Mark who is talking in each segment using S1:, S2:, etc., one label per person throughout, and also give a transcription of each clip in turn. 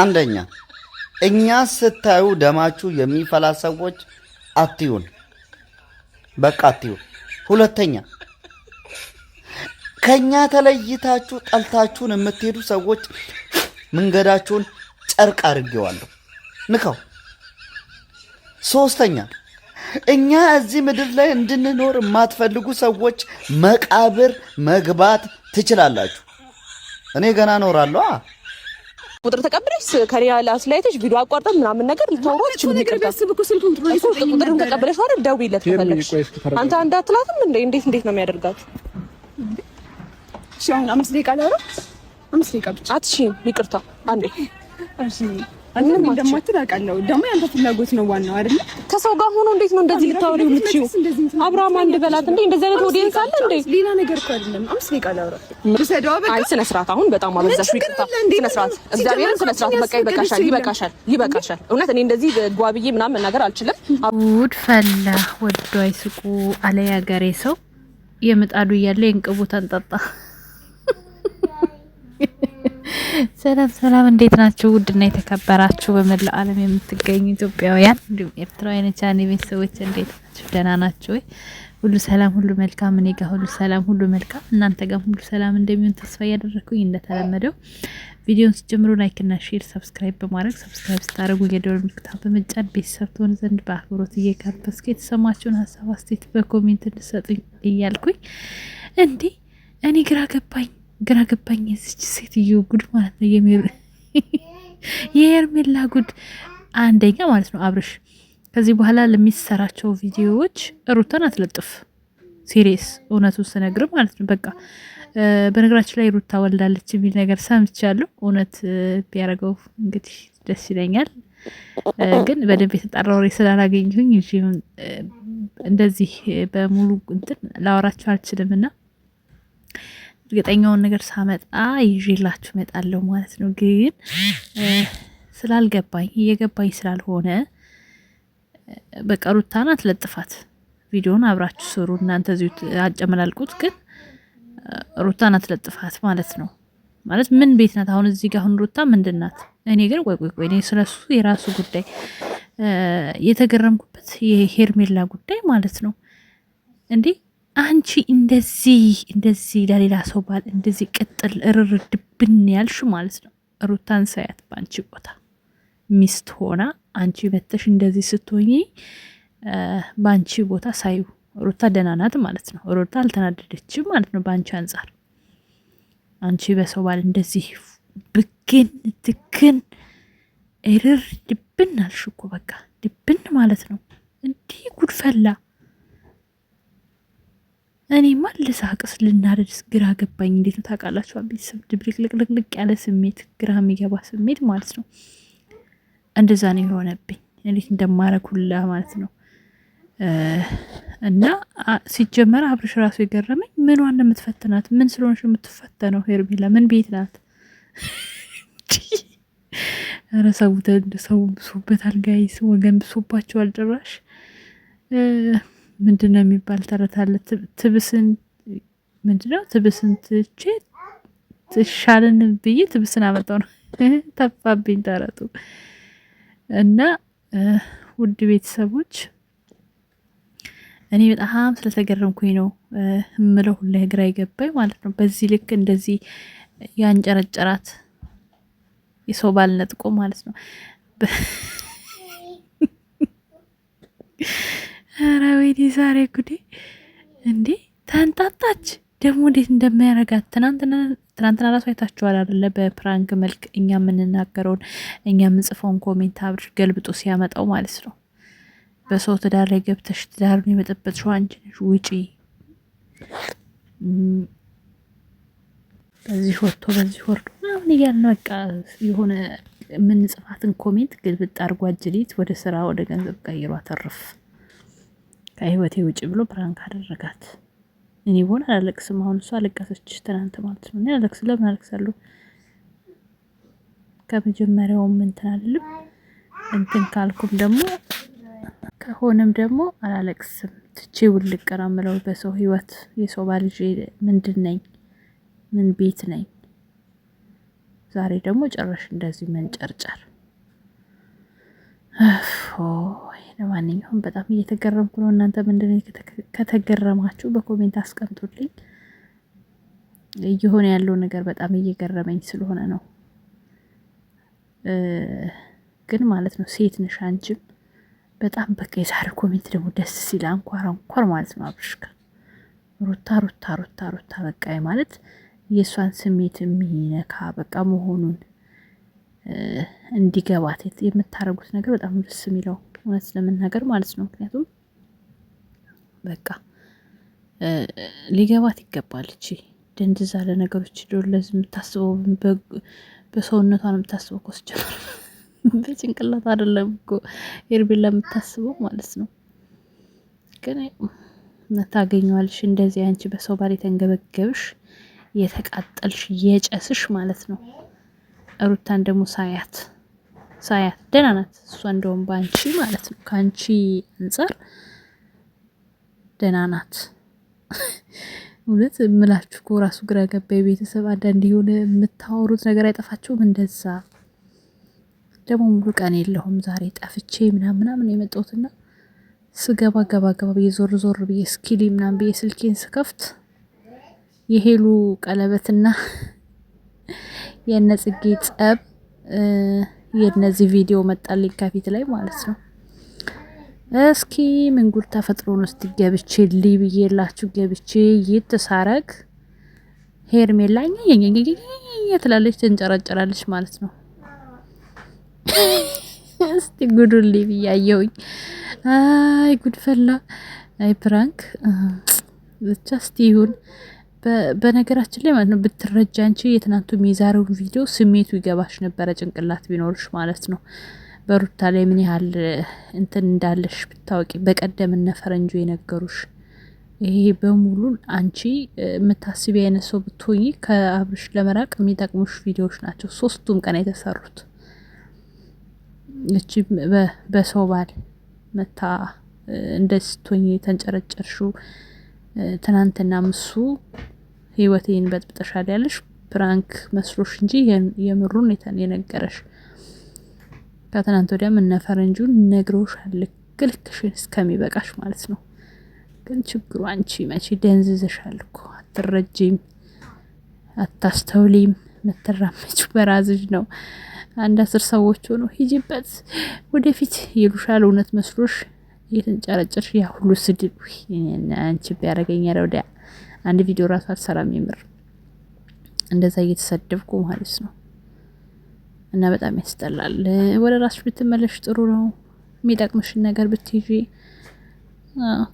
S1: አንደኛ እኛ ስታዩ ደማችሁ የሚፈላ ሰዎች አትዩን፣ በቃ አትዩን። ሁለተኛ ከኛ ተለይታችሁ ጠልታችሁን የምትሄዱ ሰዎች መንገዳችሁን ጨርቅ አድርጌዋለሁ፣ ንከው። ሶስተኛ እኛ እዚህ ምድር ላይ እንድንኖር የማትፈልጉ ሰዎች መቃብር መግባት ትችላላችሁ። እኔ ገና እኖራለሁ።
S2: ቁጥር ተቀብለሽ ከሌላ ላስላይተሽ ቪዲዮ አቋርጠን ምናምን ነገር ልታወሩ ትችሉ
S3: ቁጥሩን ተቀብለሽ አይደል ደውይለት
S2: ከፈለግሽ አንተ አንድ አትላትም እንዴ እንዴት እንዴት ነው የሚያደርጋት
S3: አምስት ደቂቃ ላውራ አምስት ደቂቃ ብቻ
S2: አትሺ ይቅርታ አንዴ
S3: አንተም እንደማትል አውቃለሁ። ደግሞ ያንተ ፍላጎት ነው ዋናው
S2: ከሰው ጋር ሆኖ እንዴት ነው እንደዚህ የምትችይው? አብርሃም አንድ በላት እንዴ! እንደዚህ አይነት ኦዲየንስ አለ እንዴ?
S3: ሌላ ነገር እኮ አይደለም። አምስት ደቂቃ ላውራ።
S2: አይ ስነ ስርዓት፣ አሁን በጣም አበዛሽ። ይቅርታ፣ ስነ ስርዓት፣ እግዚአብሔርን ስነ ስርዓት። በቃ ይበቃሻል፣ ይበቃሻል፣ ይበቃሻል። እውነት እኔ እንደዚህ ጓብዬ ምናምን መናገር አልችልም።
S4: ውድ ፈላ ወዶ አይስቁ አለ ያገሬ ሰው። የምጣዱ እያለ የእንቅቡ ተንጠጣ ሰላም ሰላም፣ እንዴት ናችሁ? ውድና የተከበራችሁ በመላው ዓለም የምትገኙ ኢትዮጵያውያን እንዲሁም ኤርትራውያን ቻኔ ቤተሰቦች እንዴት ናችሁ? ደህና ናችሁ ወይ? ሁሉ ሰላም፣ ሁሉ መልካም። እኔ ጋር ሁሉ ሰላም፣ ሁሉ መልካም። እናንተ ጋር ሁሉ ሰላም እንደሚሆን ተስፋ እያደረግኩኝ እንደተለመደው ቪዲዮን ስጀምሩ ላይክ እና ሼር፣ ሰብስክራይብ በማድረግ ሰብስክራይብ ስታደርጉ የደወል ምልክቱን በመጫን ቤተሰብ ትሆኑ ዘንድ በአክብሮት እየጋበዝኩ የተሰማችሁን ሀሳብ አስተያየት በኮሜንት እንድሰጡኝ እያልኩኝ እንዲህ እኔ ግራ ገባኝ ግራ ገባኝ። የዚች ሴትዮ ጉድ ማለት ነው የሄርሜላ ጉድ አንደኛ ማለት ነው። አብርሽ ከዚህ በኋላ ለሚሰራቸው ቪዲዮዎች ሩታን አትለጥፍ። ሲሪየስ እውነቱን ስነግር ማለት ነው። በቃ በነገራችን ላይ ሩታ ወልዳለች የሚል ነገር ሰምቻለሁ። እውነት ቢያደርገው እንግዲህ ደስ ይለኛል። ግን በደንብ የተጣራ ወሬ ስላላገኘሁኝ እንደዚህ በሙሉ እንትን ላወራቸው አልችልም እና እርግጠኛውን ነገር ሳመጣ ይዤላችሁ እመጣለሁ ማለት ነው። ግን ስላልገባኝ እየገባኝ ስላልሆነ በቃ ናት ለጥፋት ቪዲዮን አብራችሁ ስሩ እናንተ እዚሁ አጨመላልቁት። ግን ናት ለጥፋት ማለት ነው። ማለት ምን ቤት ናት አሁን? እዚህ ጋር አሁን ሩታ ምንድን ናት? እኔ ግን ቆይ ቆይ ቆይ፣ እኔ ስለሱ የራሱ ጉዳይ የተገረምኩበት የሄርሜላ ጉዳይ ማለት ነው እንዲህ አንቺ እንደዚህ እንደዚህ ለሌላ ሰው ባል እንደዚህ ቅጥል እርር ድብን ያልሽ ማለት ነው። ሩታን ሳያት በአንቺ ቦታ ሚስት ሆና አንቺ መተሽ እንደዚህ ስትሆኚ በአንቺ ቦታ ሳዩ ሩታ ደህና ናት ማለት ነው። ሩታ አልተናደደችም ማለት ነው። በአንቺ አንጻር አንቺ በሰው ባል እንደዚህ ብግን ትክን እርር ድብን አልሽ እኮ በቃ ድብን ማለት ነው። እንዲህ ጉድፈላ እኔማ ልሳቅስ ልናደድስ ግራ ገባኝ። እንዴት ነው ታውቃላችሁ? ቤተሰብ ድብልቅልቅልቅ ያለ ስሜት፣ ግራ የሚገባ ስሜት ማለት ነው። እንደዛ ነው የሆነብኝ። እንዴት እንደማረኩላ ማለት ነው። እና ሲጀመር አብርሽ ራሱ የገረመኝ ምኗን የምትፈትናት ምን ስለሆነች የምትፈተነው? ሄርሜላ ምን ቤት ናት? ኧረ ሰው ብሶበታል ጋይስ፣ ወገን ብሶባቸዋል ጭራሽ። ምንድነው የሚባል ተረት አለ። ትብስን ምንድነው ትብስን ትቼ ትሻልን ብዬ ትብስን አመጣው ነው ተፋብኝ ተረቱ። እና ውድ ቤተሰቦች እኔ በጣም ስለተገረምኩኝ ነው እምለው ሁሉ እግር አይገባኝ ማለት ነው። በዚህ ልክ እንደዚህ ያንጨረጨራት የሰው ባልነጥቆ ማለት ነው። ኧረ ወይኔ ዛሬ ጉዴ እንዴ! ተንጣጣች ደግሞ እንዴት እንደሚያረጋት ትናንትና ራሱ አይታችኋል አይደለ? በፕራንክ መልክ እኛ የምንናገረውን እኛ የምንጽፈውን ኮሜንት አብር ገልብጦ ሲያመጣው ማለት ነው። በሰው ትዳር የገብተሽ ትዳር ትዳሩን ሸዋንችንሽ ውጪ በዚህ ወጥቶ በዚህ ወርዶ ምናምን እያልን በቃ የሆነ የምንጽፋትን ኮሜንት ግልብጥ አርጓጅሊት ወደ ስራ ወደ ገንዘብ ቀይሯ ተርፍ ከህይወቴ ውጭ ብሎ ፕራንክ አደረጋት። እኔ ቦን አላለቅስም። አሁን እሷ አለቀሰች ትናንት ማለት ነው። እኔ አለቅስ ለምን አለቅሳለሁ? ከመጀመሪያውም እንትን አልልም። እንትን ካልኩም ደግሞ ከሆነም ደግሞ አላለቅስም። ትቼ ውልቅ በሰው ህይወት የሰው ባልጅ ምንድን ነኝ? ምን ቤት ነኝ? ዛሬ ደግሞ ጨረሽ እንደዚህ መንጨርጨር ለማንኛውም በጣም እየተገረምኩ ነው። እናንተ ምንድን ከተገረማችሁ በኮሜንት አስቀምጡልኝ። እየሆነ ያለው ነገር በጣም እየገረመኝ ስለሆነ ነው። ግን ማለት ነው ሴት ነሽ አንቺም በጣም በቃ የዛሬ ኮሜንት ደግሞ ደስ ሲል አንኳር አንኳር ማለት ነው አብርሽካ ሩታ ሩታ ሩታ ሩታ በቃ ማለት የእሷን ስሜት የሚነካ በቃ መሆኑን እንዲገባት የምታደርጉት ነገር በጣም ደስ የሚለው እውነት ለመናገር ማለት ነው። ምክንያቱም በቃ ሊገባት ይገባል። እቺ ደንድዛ ለነገሮች ዶለዝ የምታስበው በሰውነቷ ነው የምታስበው እኮ ስጀምር በጭንቅላት አይደለም እኮ ኤርቤላ የምታስበው ማለት ነው። ግን ታገኘዋለሽ እንደዚህ አንቺ በሰው ባል የተንገበገብሽ የተቃጠልሽ የጨስሽ ማለት ነው። ሩታን ደግሞ ሳያት ሳያት ደህና ናት እሷ እንደውም በአንቺ ማለት ነው ከአንቺ አንጻር ደህና ናት። እውነት ምላችሁ እኮ ራሱ ግራ ገባ ቤተሰብ አንዳንድ የሆነ የምታወሩት ነገር አይጠፋችሁም? እንደዛ ደግሞ ሙሉ ቀን የለሁም ዛሬ ጠፍቼ ምናምን ምናምን የመጣሁትና ስገባ ገባ ገባ ብዬ ዞር ዞር ብዬ ስኪሊ ምናምን ብዬ ስልኬን ስከፍት የሄሉ ቀለበትና የነጽጌ ጸብ የነዚህ ቪዲዮ መጣልኝ ከፊት ላይ ማለት ነው። እስኪ ምን ጉድ ተፈጥሮ ነው? እስቲ ገብቼ ሊብዬላችሁ ገብቼ ይትሳረግ ሄርሜላ ትላለች፣ ትንጨረጨራለች ማለት ነው። እስቲ ጉዱን ብያየውኝ። አይ ጉድፈላ፣ አይ ፕራንክ ብቻ እስቲ ይሁን። በነገራችን ላይ ማለት ነው ብትረጃ አንቺ የትናንቱም የዛሬውን ቪዲዮ ስሜቱ ይገባሽ ነበረ፣ ጭንቅላት ቢኖርሽ ማለት ነው። በሩታ ላይ ምን ያህል እንትን እንዳለሽ ብታወቂ። በቀደም እነ ፈረንጆ የነገሩሽ ይሄ በሙሉ አንቺ የምታስቢ አይነት ሰው ብትሆኚ ከአብርሽ ለመራቅ የሚጠቅሙሽ ቪዲዮዎች ናቸው ሶስቱም ቀን የተሰሩት። እቺ በሰው ባል መታ እንደ ስትሆኚ ተንጨረጨርሹ ትናንትና ምሱ ህይወቴን በጥብጠሻል ያለሽ ፕራንክ መስሎሽ እንጂ የምሩን የነገረሽ ከትናንት ወዲያም እነ ፈረንጁን ነግሮሻል። ልክልክሽን እስከሚበቃሽ ማለት ነው። ግን ችግሩ አንቺ መቼ ደንዝዝሻል እኮ አትረጂም፣ አታስተውሊም። የምትራመጪው በራዝሽ ነው። አንድ አስር ሰዎች ሆኖ ሂጂበት፣ ወደፊት ይሉሻል። እውነት መስሎሽ እየተንጨረጨርሽ ያ ሁሉ ስድብ አንቺ ቢያደረገኝ ወደ አንድ ቪዲዮ ራሱ አልሰራም። የምር እንደዛ እየተሰደብኩ ማለት ነው። እና በጣም ያስጠላል። ወደ ራስሽ ብትመለሽ ጥሩ ነው። የሚጠቅምሽን ነገር ብትይዤ፣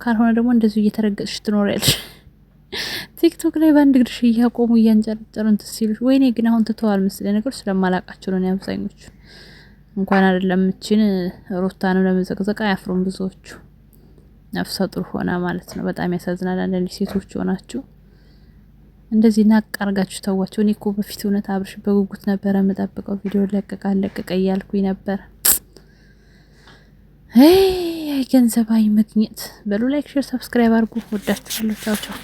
S4: ካልሆነ ደግሞ እንደዚሁ እየተረገጥሽ ትኖሪያለሽ። ቲክቶክ ላይ በአንድ እግርሽ እያቆሙ እያንጨረጨሩ እንትን ሲሉሽ፣ ወይኔ ግን አሁን ትተዋል መሰለኝ ነገሮች ስለማላቃቸው ነው አብዛኞቹ እንኳን አይደለም እችን ሩታንም ለመዘቅዘቅ አያፍሩም ብዙዎቹ። ነፍሰ ጡር ሆና ማለት ነው። በጣም ያሳዝናል። አንዳንድ ሴቶች ሆናችሁ እንደዚህ ናቅ አርጋችሁ ተዋቸው። እኔ እኮ በፊት እውነት አብርሽ በጉጉት ነበረ የምጠብቀው ቪዲዮ ለቀቀ ለቀቀ እያልኩኝ ነበር። አይ ገንዘብ መግኘት። በሉ ላይክ፣ ሼር፣ ሰብስክራይብ አድርጉ። ወዳችኋለሁ። ቻው ቻው